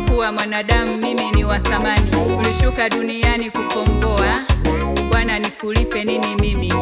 kwa kuwa mwanadamu mimi ni wa thamani. Ulishuka duniani kukomboa, Bwana nikulipe nini mimi?